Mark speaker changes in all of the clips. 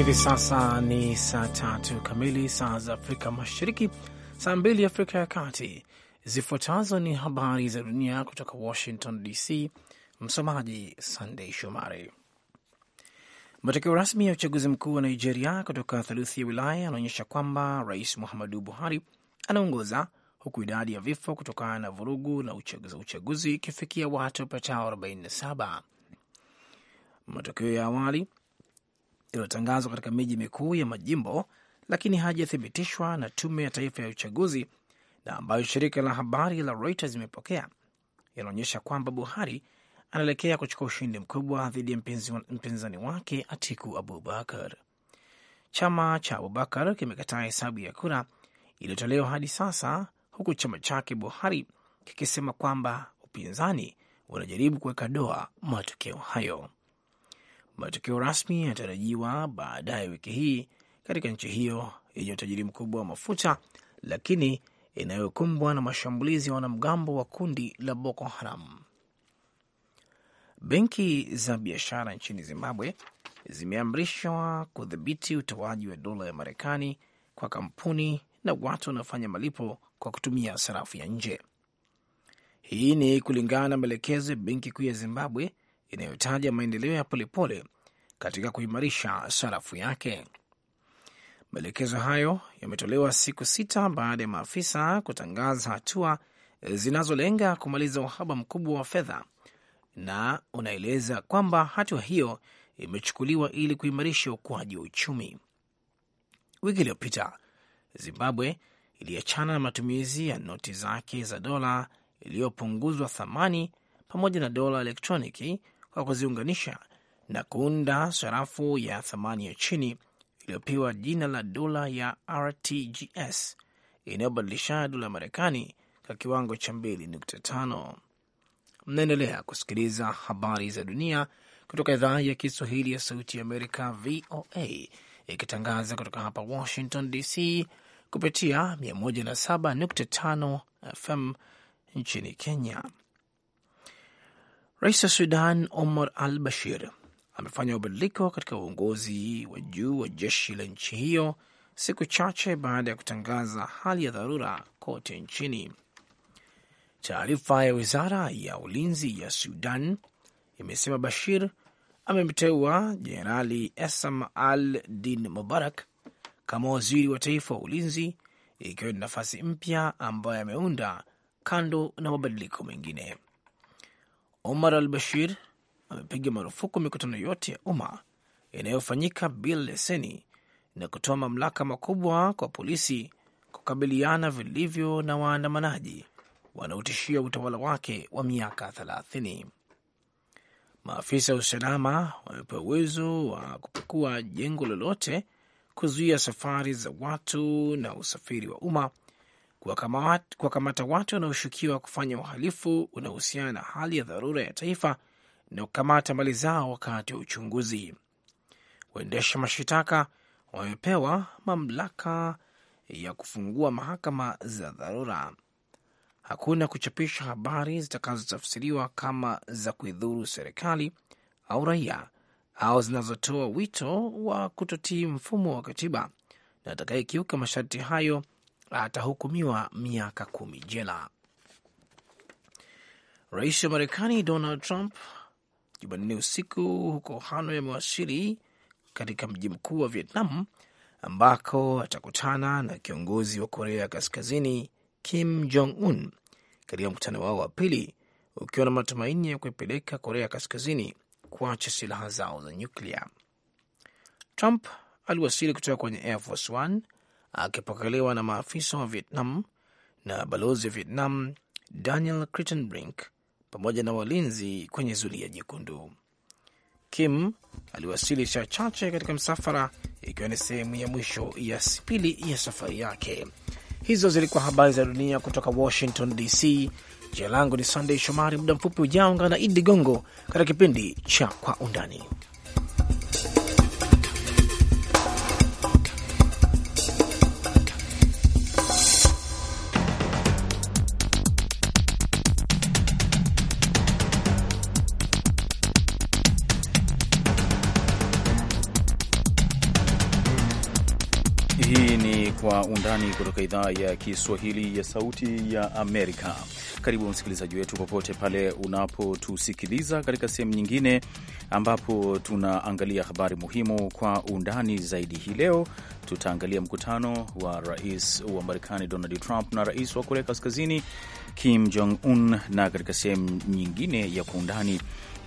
Speaker 1: Hivi sasa ni saa tatu kamili saa za Afrika Mashariki, saa mbili Afrika ya Kati. Zifuatazo ni habari za dunia kutoka Washington DC. Msomaji Sandei Shomari. Matokeo rasmi ya uchaguzi mkuu wa Nigeria kutoka thaluthi ya wilaya yanaonyesha kwamba Rais Muhammadu Buhari anaongoza huku idadi ya vifo kutokana na vurugu na uchaguzi uchaguzi ikifikia watu wapatao 47. Matokeo ya awali iliyotangazwa katika miji mikuu ya majimbo, lakini hajathibitishwa na tume ya taifa ya uchaguzi na ambayo shirika la habari la Reuters imepokea yanaonyesha kwamba Buhari anaelekea kuchukua ushindi mkubwa dhidi ya mpinzani wake Atiku Abubakar. Chama cha Abubakar kimekataa hesabu ya kura iliyotolewa hadi sasa, huku chama chake Buhari kikisema kwamba upinzani unajaribu kuweka doa matokeo hayo. Matokeo rasmi yanatarajiwa baadaye wiki hii katika nchi hiyo yenye utajiri mkubwa wa mafuta lakini inayokumbwa na mashambulizi ya wanamgambo wa kundi la Boko Haram. Benki za biashara nchini Zimbabwe zimeamrishwa kudhibiti utoaji wa dola ya Marekani kwa kampuni na watu wanaofanya malipo kwa kutumia sarafu ya nje. Hii ni kulingana na maelekezo ya benki kuu ya Zimbabwe inayotaja maendeleo ya polepole katika kuimarisha sarafu yake. Maelekezo hayo yametolewa siku sita baada ya maafisa kutangaza hatua zinazolenga kumaliza uhaba mkubwa wa fedha, na unaeleza kwamba hatua hiyo imechukuliwa ili kuimarisha ukuaji wa uchumi. Wiki iliyopita Zimbabwe iliachana na matumizi ya noti zake za dola iliyopunguzwa thamani pamoja na dola elektroniki kwa kuziunganisha na kuunda sarafu ya thamani ya chini iliyopewa jina la dola ya RTGS inayobadilisha dola ya Marekani kwa kiwango cha 2.5. Mnaendelea kusikiliza habari za dunia kutoka idhaa ya Kiswahili ya Sauti ya Amerika, VOA, ikitangaza kutoka hapa Washington DC kupitia 107.5 FM nchini Kenya. Rais wa Sudan Omar al Bashir amefanya mabadiliko katika uongozi wa juu wa jeshi la nchi hiyo siku chache baada ya kutangaza hali ya dharura kote nchini. Taarifa ya wizara ya ulinzi ya Sudan imesema Bashir amemteua Jenerali Esam al Din Mubarak kama waziri wa taifa wa ulinzi, ikiwa ni nafasi mpya ambayo ameunda kando na mabadiliko mengine. Omar al Bashir amepiga marufuku mikutano yote ya umma inayofanyika bila leseni na kutoa mamlaka makubwa kwa polisi kukabiliana vilivyo na waandamanaji wanaotishia utawala wake wa miaka thelathini. Maafisa wa usalama wamepewa uwezo wa kupekua jengo lolote, kuzuia safari za watu na usafiri wa umma kuwakamata watu wanaoshukiwa kufanya uhalifu unaohusiana na hali ya dharura ya taifa na kukamata mali zao wakati wa uchunguzi. Waendesha mashitaka wamepewa mamlaka ya kufungua mahakama za dharura. Hakuna kuchapisha habari zitakazotafsiriwa kama za kuidhuru serikali au raia au zinazotoa wito wa kutotii mfumo wa katiba na atakayekiuka masharti hayo atahukumiwa miaka kumi jela. Rais wa Marekani Donald Trump Jumanne usiku huko Hanoi amewasili katika mji mkuu wa Vietnam ambako atakutana na kiongozi wa Korea Kaskazini Kim Jong Un katika mkutano wao wa pili ukiwa na matumaini ya kuipeleka Korea Kaskazini kuacha silaha zao za nyuklia. Trump aliwasili kutoka kwenye Air Force One akipokelewa na maafisa wa Vietnam na balozi wa Vietnam Daniel Crittenbrink pamoja na walinzi kwenye zulia jekundu. Kim aliwasili saa chache katika msafara, ikiwa ni sehemu ya mwisho ya pili ya safari yake. Hizo zilikuwa habari za dunia kutoka Washington DC. Jina langu ni Sandey Shomari. Muda mfupi ujaunga na Idi Gongo katika kipindi cha Kwa Undani.
Speaker 2: Kwa Undani kutoka idhaa ya Kiswahili ya Sauti ya Amerika. Karibu msikilizaji wetu popote pale unapotusikiliza katika sehemu nyingine ambapo tunaangalia habari muhimu kwa undani zaidi. Hii leo tutaangalia mkutano wa rais wa Marekani Donald Trump na rais wa Korea Kaskazini Kim Jong Un, na katika sehemu nyingine ya Kwa Undani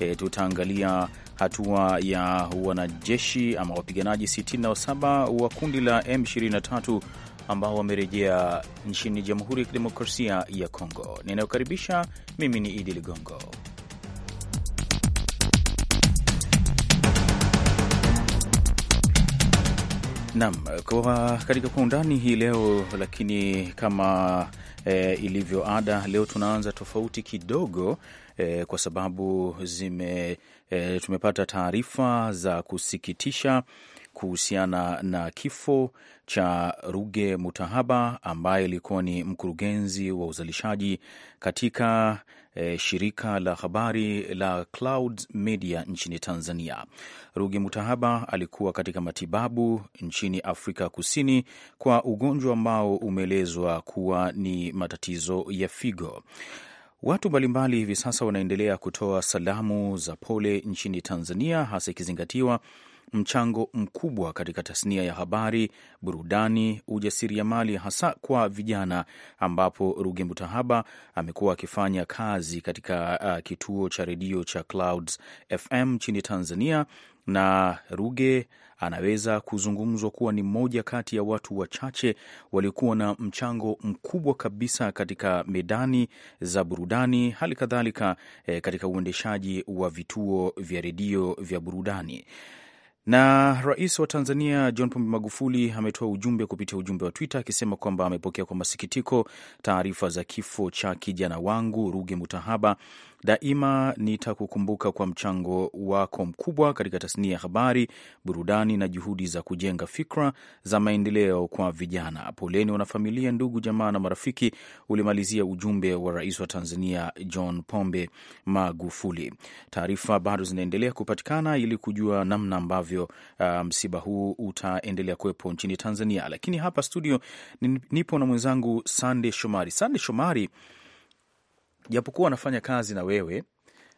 Speaker 2: e, tutaangalia hatua ya wanajeshi ama wapiganaji 67 wa kundi la M23 ambao wamerejea nchini Jamhuri ya Kidemokrasia ya Kongo. Ninayokaribisha mimi ni Idi Ligongo. nam kwa katika kwa undani hii leo lakini, kama e, ilivyo ada, leo tunaanza tofauti kidogo e, kwa sababu zime e, tumepata taarifa za kusikitisha kuhusiana na kifo cha Ruge Mutahaba ambaye alikuwa ni mkurugenzi wa uzalishaji katika e, shirika la habari la Clouds Media nchini Tanzania. Ruge Mutahaba alikuwa katika matibabu nchini Afrika Kusini kwa ugonjwa ambao umeelezwa kuwa ni matatizo ya figo. Watu mbalimbali hivi sasa wanaendelea kutoa salamu za pole nchini Tanzania, hasa ikizingatiwa mchango mkubwa katika tasnia ya habari, burudani, ujasiriamali, hasa kwa vijana, ambapo Ruge Mutahaba amekuwa akifanya kazi katika uh, kituo cha redio cha Clouds FM nchini Tanzania na Ruge anaweza kuzungumzwa kuwa ni mmoja kati ya watu wachache waliokuwa na mchango mkubwa kabisa katika medani za burudani, hali kadhalika eh, katika uendeshaji wa vituo vya redio vya burudani. Na rais wa Tanzania John Pombe Magufuli ametoa ujumbe kupitia ujumbe wa Twitter akisema kwamba amepokea kwa masikitiko taarifa za kifo cha kijana wangu Ruge Mutahaba Daima nitakukumbuka kwa mchango wako mkubwa katika tasnia ya habari, burudani na juhudi za kujenga fikra za maendeleo kwa vijana. Poleni wanafamilia, ndugu, jamaa na marafiki, ulimalizia ujumbe wa Rais wa Tanzania John Pombe Magufuli. Taarifa bado zinaendelea kupatikana ili kujua namna ambavyo uh, msiba um, huu utaendelea kuwepo nchini Tanzania, lakini hapa studio nipo na mwenzangu Sande Shomari. Sande Shomari japokuwa anafanya kazi na wewe,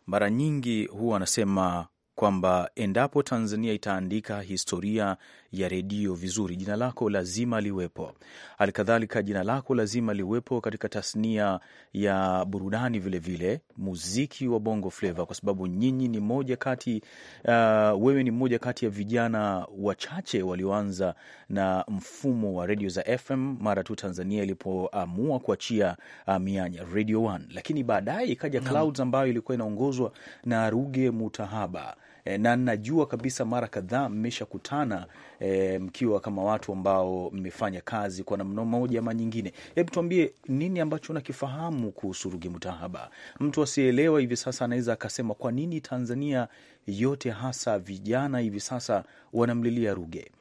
Speaker 2: mara nyingi huwa anasema kwamba endapo Tanzania itaandika historia ya redio vizuri, jina lako lazima liwepo. Halikadhalika, jina lako lazima liwepo katika tasnia ya burudani, vilevile vile, muziki wa bongo fleva, kwa sababu nyinyi ni moja kati uh, wewe ni mmoja kati ya vijana wachache walioanza na mfumo wa redio za FM mara tu Tanzania ilipoamua kuachia uh, mianya Radio One, lakini baadaye ikaja Clouds ambayo ilikuwa inaongozwa na Ruge Mutahaba e, na najua kabisa mara kadhaa mmeshakutana e, mkiwa kama watu ambao mmefanya kazi kwa namna moja ama nyingine. Hebu tuambie nini ambacho unakifahamu kuhusu Ruge Mutahaba. Mtu asielewa hivi sasa anaweza akasema kwa nini Tanzania yote hasa vijana hivi sasa wanamlilia Ruge?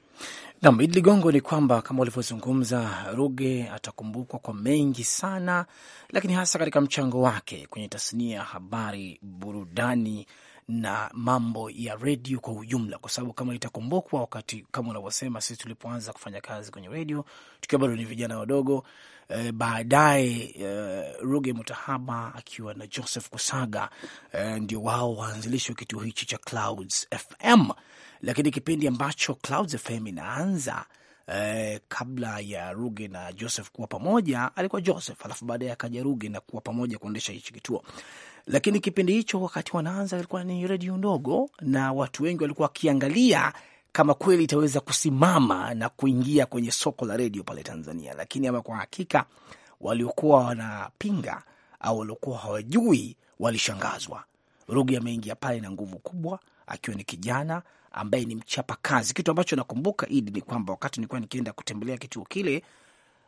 Speaker 2: Nam Idi Ligongo, ni kwamba kama
Speaker 1: ulivyozungumza, Ruge atakumbukwa kwa mengi sana, lakini hasa katika mchango wake kwenye tasnia ya habari, burudani na mambo ya redio kwa ujumla, kwa sababu kama itakumbukwa, wakati kama unavyosema, sisi tulipoanza kufanya kazi kwenye redio tukiwa bado ni vijana wadogo e, baadaye e, Ruge Mutahaba akiwa na Joseph Kusaga e, ndio wao waanzilishi wa kituo hichi cha Clouds FM, lakini kipindi ambacho Clouds FM inaanza Eh, kabla ya Ruge na Joseph kuwa pamoja alikuwa Joseph, alafu baadaye akaja Ruge na kuwa pamoja kuendesha hichi kituo. Lakini kipindi hicho wakati wanaanza ilikuwa ni redio ndogo, na watu wengi walikuwa wakiangalia kama kweli itaweza kusimama na kuingia kwenye soko la redio pale Tanzania. Lakini ama kwa hakika, waliokuwa wanapinga au waliokuwa hawajui walishangazwa. rugi ameingia pale na nguvu kubwa, akiwa ni kijana ambaye ni mchapa kazi. Kitu ambacho nakumbuka Idi ni kwamba wakati nilikuwa nikienda kutembelea kituo kile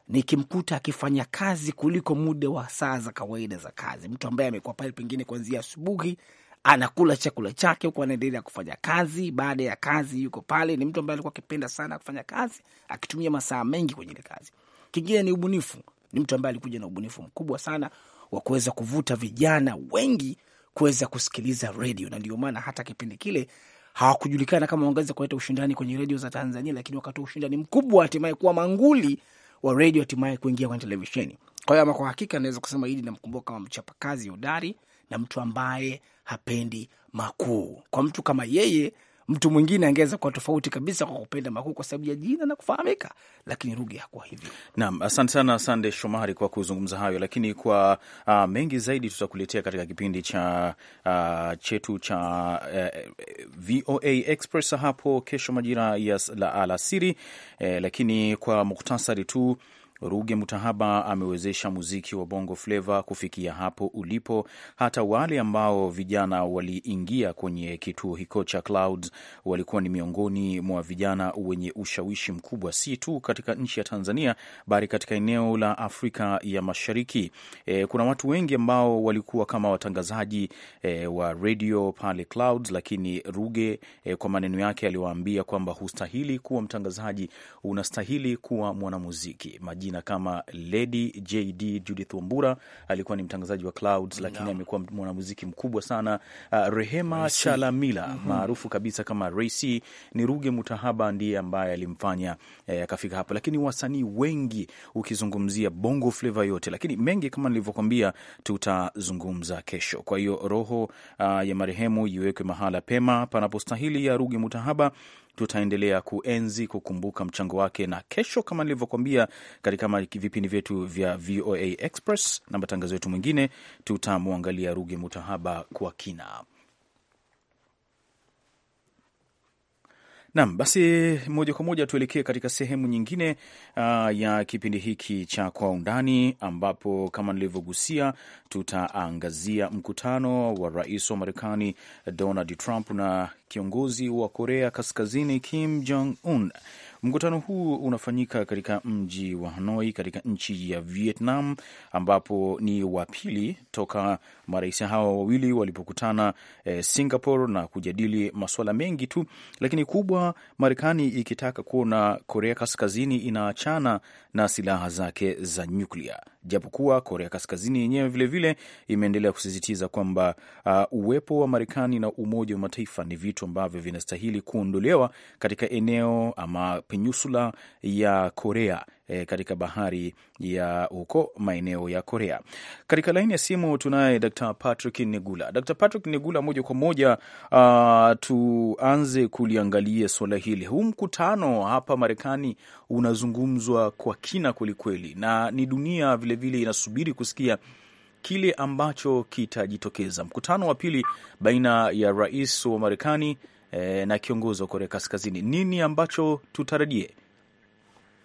Speaker 1: nikimkuta akifanya kazi kuliko muda wa saa za kawaida za kazi. Mtu ambaye amekuwa pale pengine kuanzia asubuhi anakula chakula chake huku anaendelea kufanya kazi, baada ya kazi yuko pale. Ni mtu ambaye alikuwa akipenda sana kufanya kazi, akitumia masaa mengi kwenye ile kazi. Kingine ni ubunifu. Ni mtu ambaye alikuja na ubunifu mkubwa sana wa kuweza kuvuta vijana wengi kuweza kusikiliza redio, na ndio maana hata kipindi kile hawakujulikana kama wangeweza kuleta ushindani kwenye redio za Tanzania, lakini wakatoa ushindani mkubwa, hatimaye kuwa manguli wa redio hatimaye kuingia kwenye televisheni. Kwa hiyo ama kwa hakika naweza kusema hili namkumbuka kama mchapakazi hodari na mtu ambaye hapendi makuu. Kwa mtu kama yeye Mtu mwingine angeweza kuwa tofauti kabisa kwa kupenda makuu kwa sababu ya jina na kufahamika, lakini Ruge hakuwa
Speaker 2: hivyo. Naam, asante sana Sande Shomari kwa kuzungumza hayo, lakini kwa uh, mengi zaidi tutakuletea katika kipindi cha uh, chetu cha uh, VOA Express hapo kesho majira ya alasiri, eh, lakini kwa muktasari tu Ruge Mutahaba amewezesha muziki wa Bongo Fleva kufikia hapo ulipo. Hata wale ambao vijana waliingia kwenye kituo hicho cha Clouds walikuwa ni miongoni mwa vijana wenye ushawishi mkubwa, si tu katika nchi ya Tanzania, bali katika eneo la Afrika ya Mashariki. E, kuna watu wengi ambao walikuwa kama watangazaji e, wa radio pale Clouds, lakini Ruge e, kwa maneno yake aliwaambia kwamba hustahili kuwa mtangazaji, unastahili kuwa mwanamuziki majina kama Lady JD Judith Wambura, alikuwa ni mtangazaji wa Clouds, lakini no. amekuwa mwanamuziki mkubwa sana uh, Rehema Chalamila mm -hmm. maarufu kabisa kama Rayc. Ni Ruge Mutahaba ndiye ambaye alimfanya eh, akafika hapa, hapo, lakini wasanii wengi ukizungumzia bongo fleva yote, lakini mengi kama nilivyokwambia tutazungumza kesho. Kwa hiyo roho uh, ya marehemu iwekwe mahala pema panapostahili ya Ruge Mutahaba tutaendelea kuenzi kukumbuka mchango wake, na kesho, kama nilivyokuambia, katika vipindi vyetu vya VOA Express na matangazo yetu mwingine, tutamwangalia Ruge Mutahaba kwa kina. Naam, basi moja kwa moja tuelekee katika sehemu nyingine uh, ya kipindi hiki cha Kwa Undani, ambapo kama nilivyogusia, tutaangazia mkutano wa rais wa Marekani Donald Trump na kiongozi wa Korea Kaskazini Kim Jong Un Mkutano huu unafanyika katika mji wa Hanoi katika nchi ya Vietnam, ambapo ni wa pili toka marais hawa wawili walipokutana eh, Singapore na kujadili masuala mengi tu, lakini kubwa, Marekani ikitaka kuona Korea Kaskazini inaachana na silaha zake za nyuklia, japokuwa Korea Kaskazini yenyewe vilevile imeendelea kusisitiza kwamba uh, uwepo wa Marekani na Umoja wa Mataifa ni vitu ambavyo vinastahili kuondolewa katika eneo ama peninsula ya Korea e, katika bahari ya huko maeneo ya Korea. Katika laini ya simu tunaye Dr. Patrick Negula. Dr. Patrick Negula, moja kwa moja uh, tuanze kuliangalia suala hili. Huu mkutano hapa Marekani unazungumzwa kwa kina kwelikweli, na ni dunia vilevile vile inasubiri kusikia kile ambacho kitajitokeza. Mkutano wa pili baina ya rais wa Marekani E, na kiongozi wa Korea Kaskazini. Nini ambacho tutarajie?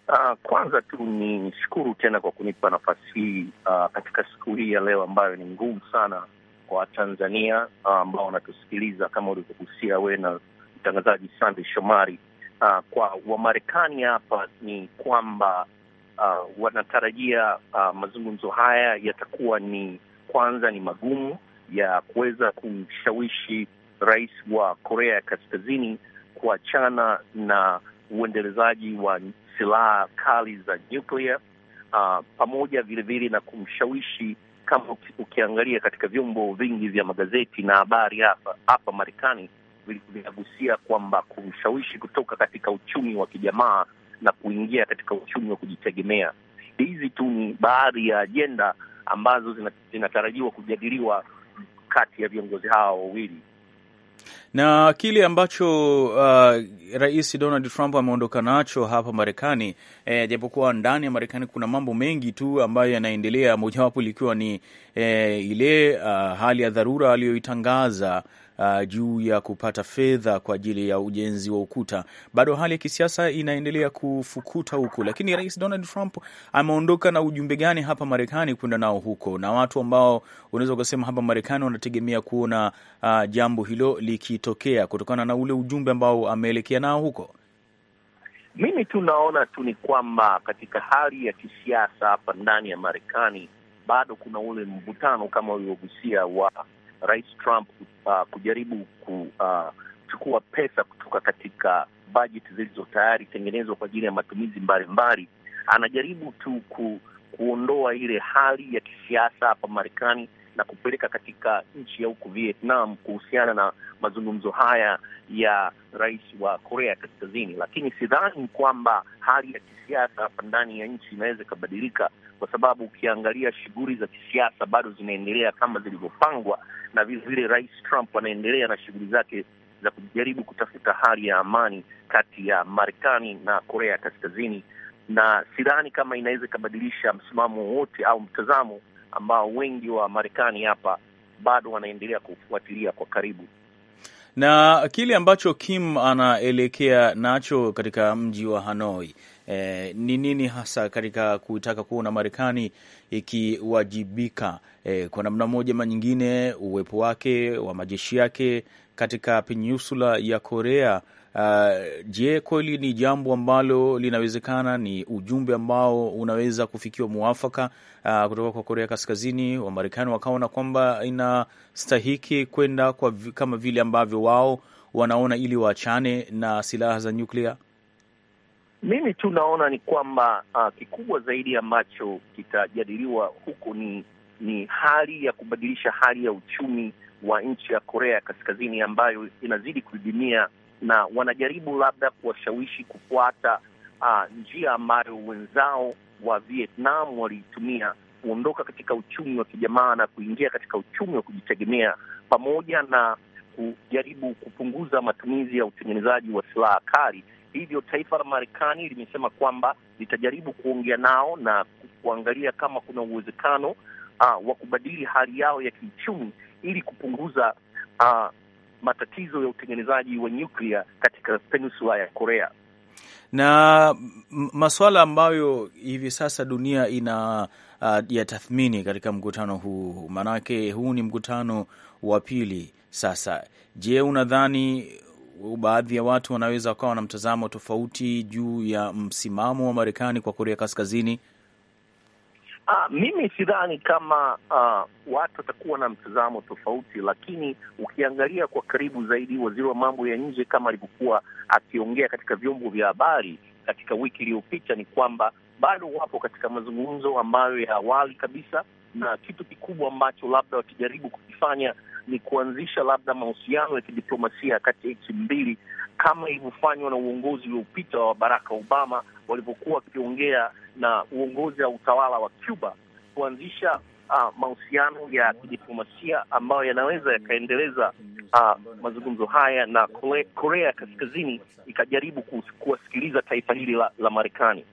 Speaker 3: Uh, kwanza tu ni shukuru tena kwa kunipa nafasi hii uh, katika siku hii ya leo ambayo ni ngumu sana kwa tanzania ah, ambao uh, wanatusikiliza kama ulivyogusia wewe na mtangazaji Sande Shomari. Uh, kwa Wamarekani hapa ni kwamba uh, wanatarajia uh, mazungumzo haya yatakuwa ni kwanza ni magumu ya kuweza kumshawishi rais wa Korea ya Kaskazini kuachana na uendelezaji wa silaha kali za nyuklia, uh, pamoja vilevile na kumshawishi kama ukiangalia katika vyombo vingi vya magazeti na habari hapa hapa Marekani vinagusia kwamba kumshawishi kutoka katika uchumi wa kijamaa na kuingia katika uchumi wa kujitegemea. Hizi tu ni baadhi ya ajenda ambazo zinatarajiwa kujadiliwa kati ya viongozi hawa wawili
Speaker 2: na kile ambacho uh, Rais Donald Trump ameondoka nacho hapa Marekani e, japokuwa ndani ya Marekani kuna mambo mengi tu ambayo yanaendelea, mojawapo likiwa ni e, ile uh, hali ya dharura aliyoitangaza uh, juu ya kupata fedha kwa ajili ya ujenzi wa ukuta. Bado hali ya kisiasa inaendelea kufukuta huku lakini Rais Donald Trump ameondoka na ujumbe gani hapa Marekani kwenda nao huko, na watu ambao unaweza ukasema hapa Marekani wanategemea kuona uh, jambo hilo likitokea kutokana na ule ujumbe ambao ameelekea nao huko?
Speaker 3: Mimi tunaona tu ni kwamba katika hali ya kisiasa hapa ndani ya Marekani bado kuna ule mvutano kama ulivyogusia wa Rais Trump uh, kujaribu uh, kuchukua uh, pesa kutoka katika bajeti zilizo tayari tengenezwa kwa ajili ya matumizi mbalimbali. Anajaribu tu ku, kuondoa ile hali ya kisiasa hapa Marekani na kupeleka katika nchi ya huku Vietnam kuhusiana na mazungumzo haya ya rais wa Korea Kaskazini, lakini sidhani kwamba hali ya kisiasa hapa ndani ya nchi inaweza ikabadilika, kwa sababu ukiangalia shughuli za kisiasa bado zinaendelea kama zilivyopangwa, na vilevile Rais Trump anaendelea na shughuli zake za kujaribu kutafuta hali ya amani kati ya Marekani na Korea Kaskazini, na sidhani kama inaweza ikabadilisha msimamo wowote au mtazamo ambao wengi wa Marekani hapa bado wanaendelea kufuatilia kwa karibu
Speaker 2: na kile ambacho Kim anaelekea nacho katika mji wa Hanoi eh, ni e, nini hasa katika kutaka kuona Marekani ikiwajibika e, kwa namna moja ama nyingine, uwepo wake wa majeshi yake katika peninsula ya Korea Uh, je, kweli ni jambo ambalo linawezekana? Ni ujumbe ambao unaweza kufikiwa mwafaka uh, kutoka kwa Korea Kaskazini, Wamarekani wakaona kwamba inastahiki kwenda kwa kama vile ambavyo wao wanaona ili waachane na silaha za nyuklia?
Speaker 3: Mimi tu naona ni kwamba uh, kikubwa zaidi ambacho kitajadiliwa huku ni ni hali ya kubadilisha hali ya uchumi wa nchi ya Korea ya Kaskazini ambayo inazidi kudidimia na wanajaribu labda kuwashawishi kufuata uh, njia ambayo wenzao wa Vietnam waliitumia kuondoka katika uchumi wa kijamaa na kuingia katika uchumi wa kujitegemea pamoja na kujaribu kupunguza matumizi ya utengenezaji wa silaha kali. Hivyo taifa la Marekani limesema kwamba litajaribu kuongea nao na kuangalia kama kuna uwezekano uh, wa kubadili hali yao ya kiuchumi ili kupunguza uh, matatizo ya utengenezaji wa nyuklia katika peninsula ya Korea
Speaker 2: na masuala ambayo hivi sasa dunia ina uh, ya tathmini katika mkutano huu, maanake huu ni mkutano wa pili sasa. Je, unadhani baadhi ya watu wanaweza wakawa na mtazamo tofauti juu ya msimamo wa Marekani kwa Korea Kaskazini?
Speaker 3: Uh, mimi sidhani kama uh, watu watakuwa na mtazamo tofauti, lakini ukiangalia kwa karibu zaidi, waziri wa mambo ya nje kama alivyokuwa akiongea katika vyombo vya habari katika wiki iliyopita, ni kwamba bado wapo katika mazungumzo ambayo ya awali kabisa, na kitu kikubwa ambacho labda wakijaribu kukifanya ni kuanzisha labda mahusiano ya kidiplomasia kati ya nchi mbili kama ilivyofanywa na uongozi uliopita wa Barack Obama walivyokuwa wakiongea na uongozi wa utawala wa Cuba kuanzisha uh, mahusiano ya kidiplomasia ambayo yanaweza yakaendeleza uh, mazungumzo haya na Korea Kaskazini ikajaribu kuwasikiliza taifa hili la, la Marekani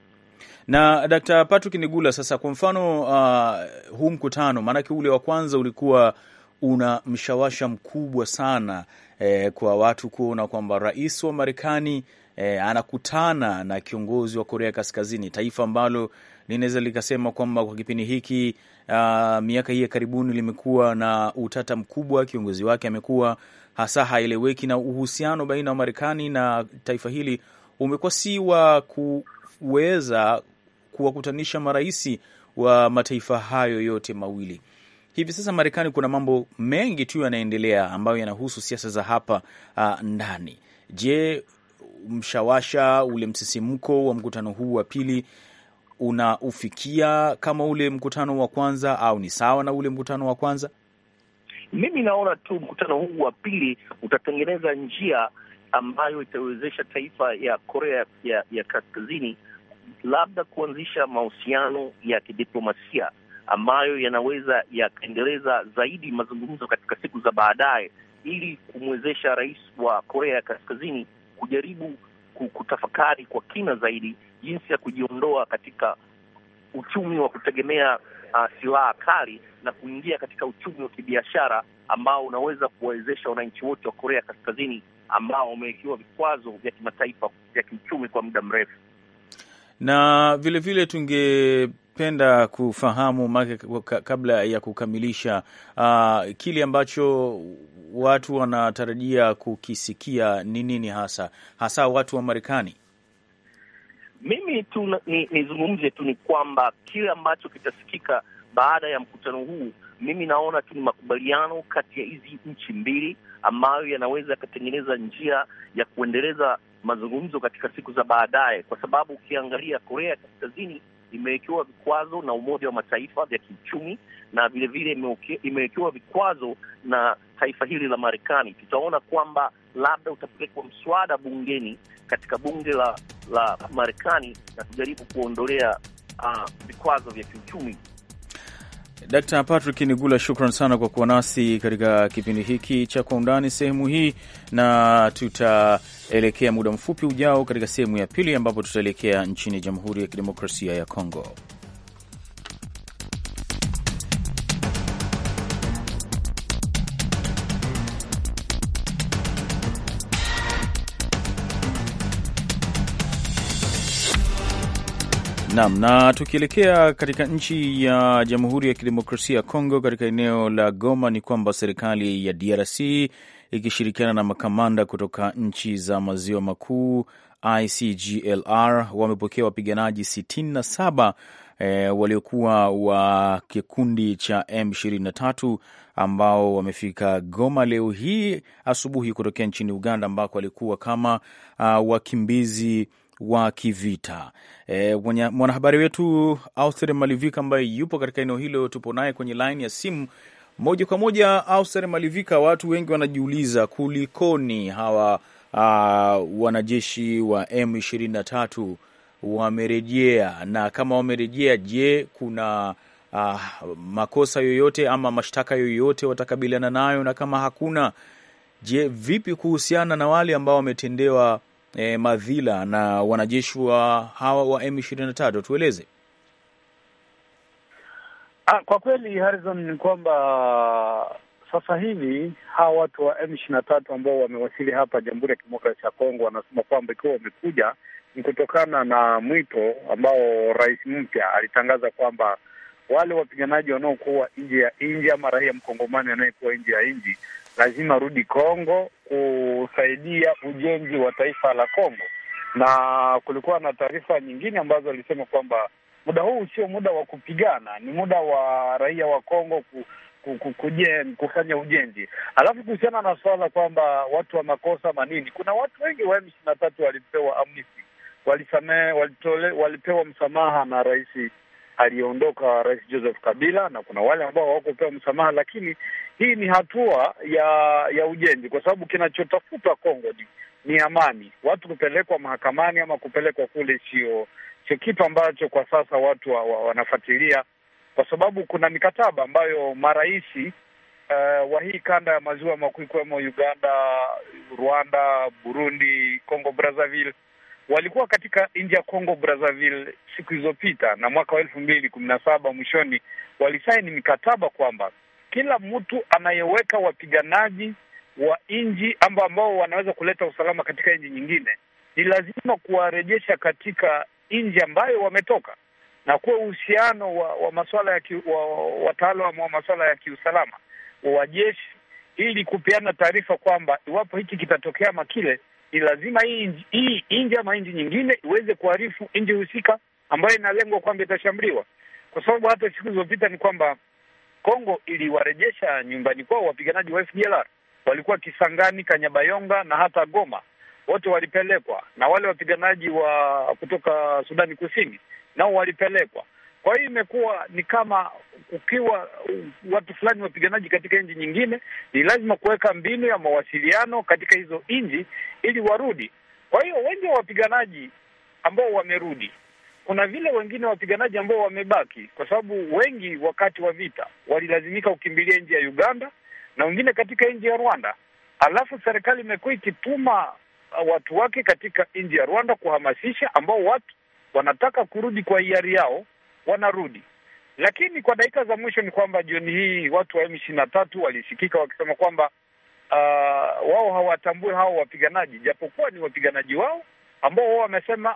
Speaker 2: na Dkt. Patrick Nigula, sasa kwa mfano uh, huu mkutano maanake ule wa kwanza ulikuwa una mshawasha mkubwa sana eh, kwa watu kuona kwamba rais wa Marekani eh, anakutana na kiongozi wa Korea Kaskazini, taifa ambalo linaweza likasema kwamba kwa kipindi hiki uh, miaka hii ya karibuni limekuwa na utata mkubwa. Kiongozi wake amekuwa hasa haeleweki, na uhusiano baina ya Marekani na taifa hili umekuwa si wa kuweza kuwakutanisha maraisi wa mataifa hayo yote mawili hivi sasa Marekani kuna mambo mengi tu yanaendelea ambayo yanahusu siasa za hapa uh, ndani. Je, mshawasha ule msisimko wa mkutano huu wa pili unaufikia kama ule mkutano wa kwanza au ni sawa na ule mkutano wa kwanza?
Speaker 3: Mimi naona tu mkutano huu wa pili utatengeneza njia ambayo itawezesha taifa ya Korea ya, ya Kaskazini labda kuanzisha mahusiano ya kidiplomasia ambayo yanaweza yakaendeleza zaidi mazungumzo katika siku za baadaye, ili kumwezesha rais wa Korea ya Kaskazini kujaribu kutafakari kwa kina zaidi jinsi ya kujiondoa katika uchumi wa kutegemea uh, silaha kali na kuingia katika uchumi wa kibiashara ambao unaweza kuwawezesha wananchi wote wa Korea Kaskazini ambao wamewekiwa vikwazo vya kimataifa vya kiuchumi kwa muda mrefu.
Speaker 2: Na vilevile tunge ningependa kufahamu make kabla ya kukamilisha uh, kile ambacho watu wanatarajia kukisikia ni nini hasa hasa watu wa Marekani.
Speaker 3: Mimi tu nizungumze ni tu ni kwamba kile ambacho kitasikika baada ya mkutano huu, mimi naona tu ni makubaliano kati ya hizi nchi mbili ambayo yanaweza yakatengeneza njia ya kuendeleza mazungumzo katika siku za baadaye, kwa sababu ukiangalia Korea Kaskazini imewekewa vikwazo na Umoja wa Mataifa vya kiuchumi na vilevile imewekewa vikwazo na taifa hili la Marekani. Tutaona kwamba labda utapelekwa mswada bungeni katika bunge la la Marekani na kujaribu kuondolea ah, vikwazo uh, vya kiuchumi
Speaker 2: Dkt. Patrick Nigula, shukran sana kwa kuwa nasi katika kipindi hiki cha Kwa Undani sehemu hii, na tutaelekea muda mfupi ujao katika sehemu ya pili ambapo tutaelekea nchini Jamhuri ya Kidemokrasia ya Kongo. Nam na tukielekea katika nchi ya Jamhuri ya Kidemokrasia ya Kongo, katika eneo la Goma ni kwamba serikali ya DRC ikishirikiana na makamanda kutoka nchi za maziwa makuu ICGLR wamepokea wapiganaji 67 e, eh, waliokuwa wa kikundi cha M23 ambao wamefika Goma leo hii asubuhi kutokea nchini Uganda ambako walikuwa kama uh, wakimbizi wa kivita. E, mwanahabari wetu Auster Malivika ambaye yupo katika eneo hilo, tupo naye kwenye laini ya simu moja kwa moja. Auster Malivika, watu wengi wanajiuliza kulikoni hawa a, wanajeshi wa M23 wamerejea, na kama wamerejea, je, kuna a, makosa yoyote ama mashtaka yoyote watakabiliana nayo? Na kama hakuna, je, vipi kuhusiana na wale ambao wametendewa e, madhila na wanajeshi wa hawa wa M23? Tueleze.
Speaker 4: Ah, kwa kweli Harrison, ni kwamba sasa hivi hawa watu wa M23 ambao wamewasili hapa Jamhuri ya Kidemokrasia ya Kongo wanasema kwamba ikiwa wamekuja ni kutokana na mwito ambao rais mpya alitangaza kwamba wale wapiganaji wanaokuwa nje ya nji ama raia mkongomani anayekuwa nje ya nji lazima arudi Kongo kusaidia ujenzi wa taifa la Kongo, na kulikuwa na taarifa nyingine ambazo alisema kwamba muda huu sio muda wa kupigana, ni muda wa raia wa Kongo ku, ku, ku, kujen, kufanya ujenzi. Alafu kuhusiana na suala kwamba watu wa makosa manini, kuna watu wengi wa M ishirini na tatu walipewa amnisti, walisamehe, walitole, walipewa msamaha na rais aliyeondoka Rais Joseph Kabila, na kuna wale ambao hawakupewa msamaha, lakini hii ni hatua ya ya ujenzi, kwa sababu kinachotafutwa Kongo ni, ni amani. Watu kupelekwa mahakamani ama kupelekwa kule sio sio kitu ambacho kwa sasa watu wa, wa, wanafuatilia, kwa sababu kuna mikataba ambayo maraisi uh, eh, wa hii kanda ya maziwa makuu ikiwemo Uganda, Rwanda, Burundi, Congo Brazzaville walikuwa katika nchi ya Congo Brazzaville siku ilizopita na mwaka wa elfu mbili kumi na saba mwishoni walisaini mikataba kwamba kila mtu anayeweka wapiganaji wa nji ambao ambao wanaweza kuleta usalama katika nji nyingine, ni lazima kuwarejesha katika nji ambayo wametoka na kuwa uhusiano wa wa masuala ya wataalam wa masuala ya kiusalama wa jeshi, ili kupeana taarifa kwamba iwapo hiki kitatokea ama kile, ni lazima hii nji ama nji nyingine iweze kuharifu nji husika ambayo inalengwa kwamba itashambuliwa, kwa sababu hata siku zilizopita ni kwamba Kongo iliwarejesha nyumbani kwao wapiganaji wa FDLR walikuwa Kisangani, Kanyabayonga na hata Goma, wote walipelekwa, na wale wapiganaji wa kutoka Sudani Kusini nao walipelekwa. Kwa hiyo imekuwa ni kama kukiwa watu fulani wapiganaji katika nchi nyingine, ni lazima kuweka mbinu ya mawasiliano katika hizo nchi ili warudi. Kwa hiyo wengi wa wapiganaji ambao wamerudi kuna vile wengine wapiganaji ambao wamebaki, kwa sababu wengi wakati wa vita walilazimika kukimbilia nje ya Uganda na wengine katika nchi ya Rwanda. Alafu serikali imekuwa ikituma uh, watu wake katika nchi ya Rwanda kuhamasisha, ambao watu wanataka kurudi kwa hiari yao wanarudi. Lakini kwa dakika za mwisho ni kwamba jioni hii watu wa M23 walisikika wakisema kwamba uh, wao hawatambui hao wapiganaji, japokuwa ni wapiganaji wao ambao wao wamesema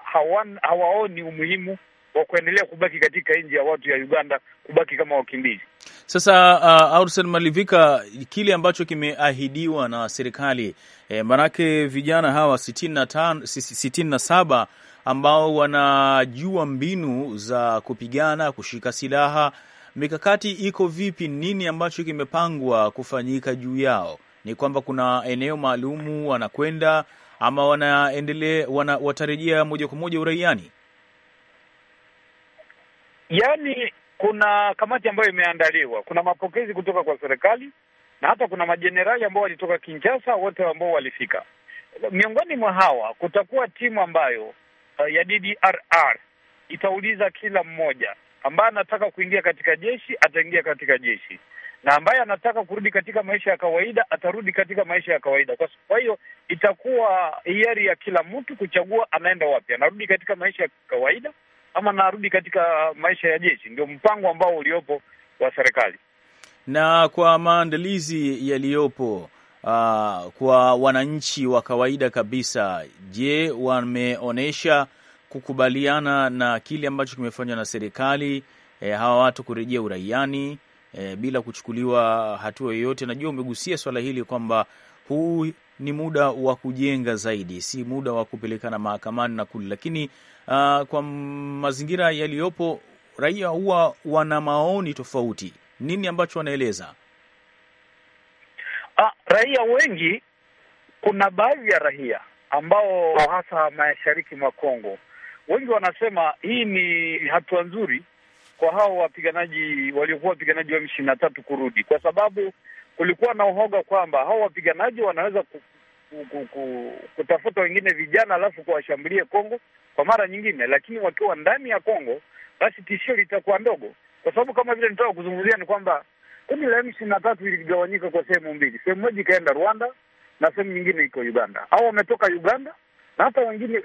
Speaker 4: hawaoni umuhimu wa kuendelea kubaki katika nchi ya watu ya Uganda kubaki kama wakimbizi.
Speaker 2: Sasa uh, Arsen Malivika, kile ambacho kimeahidiwa na serikali eh, manake vijana hawa sitini na saba ambao wanajua mbinu za kupigana, kushika silaha, mikakati iko vipi? Nini ambacho kimepangwa kufanyika juu yao? Ni kwamba kuna eneo maalumu wanakwenda ama wanaendelea wana, watarejea moja kwa moja uraiani?
Speaker 4: Yaani kuna kamati ambayo imeandaliwa, kuna mapokezi kutoka kwa serikali na hata kuna majenerali ambao walitoka Kinshasa, wote ambao walifika. Miongoni mwa hawa kutakuwa timu ambayo uh, ya DDRR itauliza kila mmoja ambaye anataka kuingia katika jeshi ataingia katika jeshi, na ambaye anataka kurudi katika maisha ya kawaida atarudi katika maisha ya kawaida. Kwa hiyo itakuwa hiari ya kila mtu kuchagua anaenda wapi, anarudi katika maisha ya kawaida ama anarudi katika maisha ya jeshi. Ndio mpango ambao uliopo wa serikali
Speaker 2: na kwa maandalizi yaliyopo. Uh, kwa wananchi wa kawaida kabisa, je, wameonyesha kukubaliana na kile ambacho kimefanywa na serikali? eh, hawa watu kurejea uraiani e, bila kuchukuliwa hatua yoyote. Najua umegusia swala hili kwamba huu ni muda wa kujenga zaidi, si muda wa kupelekana mahakamani na kuli, lakini uh, kwa mazingira yaliyopo raia huwa wana maoni tofauti. Nini ambacho wanaeleza?
Speaker 4: Ah, raia wengi, kuna baadhi ya raia ambao hasa mashariki mwa Kongo wengi wanasema hii ni hatua nzuri kwa hao wapiganaji waliokuwa wapiganaji wa M23 kurudi, kwa sababu kulikuwa na uhoga kwamba hao wapiganaji wanaweza ku, ku, ku, ku, kutafuta wengine vijana alafu kuwashambulie Kongo kwa mara nyingine, lakini wakiwa ndani ya Kongo basi tishio litakuwa ndogo, kwa sababu kama vile nitaka kuzungumzia ni kwamba kundi la M23 liligawanyika kwa sehemu mbili, sehemu moja ikaenda Rwanda na sehemu nyingine iko Uganda, au wametoka Uganda na hata wengine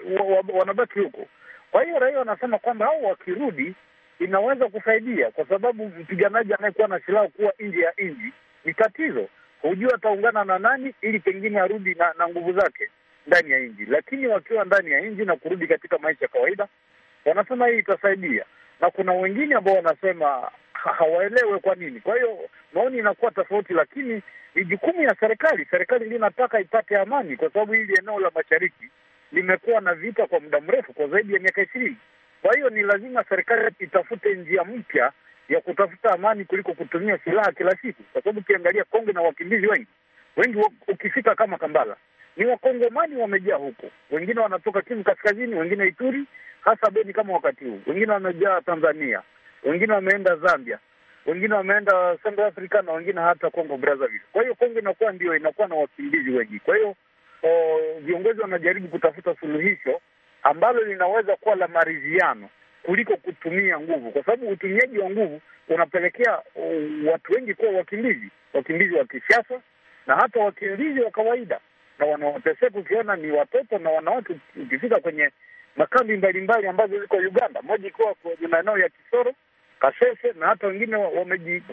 Speaker 4: wanabaki huko. Kwa hiyo raia wanasema kwamba hao wakirudi inaweza kusaidia, kwa sababu mpiganaji anayekuwa na silaha kuwa nje ya nchi ni tatizo. Hujua ataungana na nani ili pengine arudi na, na nguvu zake ndani ya nchi, lakini wakiwa ndani ya nchi na kurudi katika maisha ya kawaida, wanasema hii itasaidia, na kuna wengine ambao wanasema hawaelewe kwa nini. Kwa hiyo maoni inakuwa tofauti, lakini ni jukumu ya serikali. Serikali linataka ipate amani, kwa sababu hili eneo la mashariki limekuwa na vita kwa muda mrefu, kwa zaidi ya miaka ishirini. Kwa hiyo ni lazima serikali itafute njia mpya ya kutafuta amani kuliko kutumia silaha kila siku, kwa sababu ukiangalia Kongo na wakimbizi wengi wengi, ukifika kama Kambala ni wakongomani wamejaa huko, wengine wanatoka Kivu Kaskazini, wengine Ituri, hasa Beni kama wakati huu, wengine wamejaa Tanzania, wengine wameenda Zambia, wengine wameenda Central Africa na wengine hata Kongo Brazzaville. Kwa hiyo Kongo inakuwa ndio inakuwa na wakimbizi wengi. Kwa hiyo oh, viongozi wanajaribu kutafuta suluhisho ambalo linaweza kuwa la maridhiano kuliko kutumia nguvu, kwa sababu utumiaji wa nguvu unapelekea uh, watu wengi kuwa wakimbizi, wakimbizi wa kisiasa na hata wakimbizi wa kawaida, na wanaoteseka ukiona ni watoto na wanawake. Ukifika kwenye makambi mbalimbali ambazo ziko Uganda, moja ikiwa kwenye maeneo ya Kisoro, Kasese na hata wengine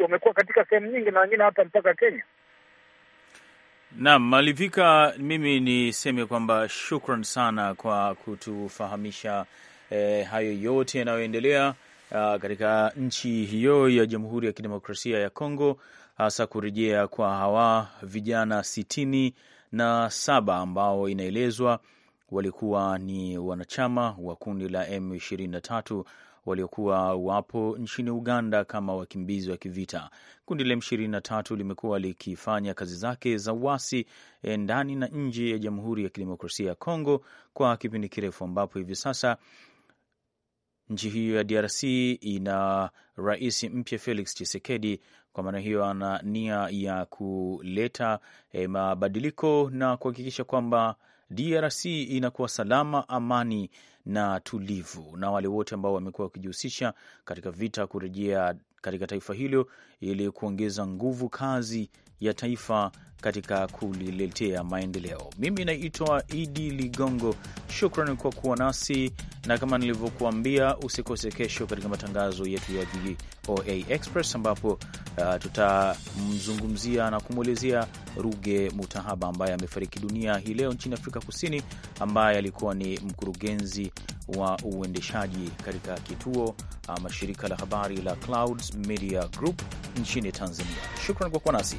Speaker 4: wamekuwa katika sehemu nyingi, na wengine hata mpaka Kenya.
Speaker 2: Naam, Malivika, mimi niseme kwamba shukran sana kwa kutufahamisha eh, hayo yote yanayoendelea ah, katika nchi hiyo ya Jamhuri ya Kidemokrasia ya Kongo, hasa kurejea kwa hawa vijana sitini na saba ambao inaelezwa walikuwa ni wanachama wa kundi la M23 waliokuwa wapo nchini Uganda kama wakimbizi wa kivita. Kundi la M23 limekuwa likifanya kazi zake za uasi eh, ndani na nje ya Jamhuri ya Kidemokrasia ya Kongo kwa kipindi kirefu, ambapo hivi sasa nchi hiyo ya DRC ina rais mpya Felix Tshisekedi. Kwa maana hiyo, ana nia ya kuleta eh, mabadiliko na kuhakikisha kwamba DRC inakuwa salama, amani na tulivu, na wale wote ambao wamekuwa wakijihusisha katika vita kurejea katika taifa hilo ili kuongeza nguvu kazi ya taifa katika kuliletea maendeleo. Mimi naitwa Idi Ligongo, shukrani kwa kuwa nasi na kama nilivyokuambia, usikose kesho katika matangazo yetu ya VOA Express ambapo uh, tutamzungumzia na kumwelezea Ruge Mutahaba ambaye amefariki dunia hii leo nchini Afrika Kusini, ambaye alikuwa ni mkurugenzi wa uendeshaji katika kituo ama uh, shirika la habari la Clouds Media Group nchini Tanzania. Shukran kwa kuwa nasi.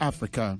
Speaker 3: Africa.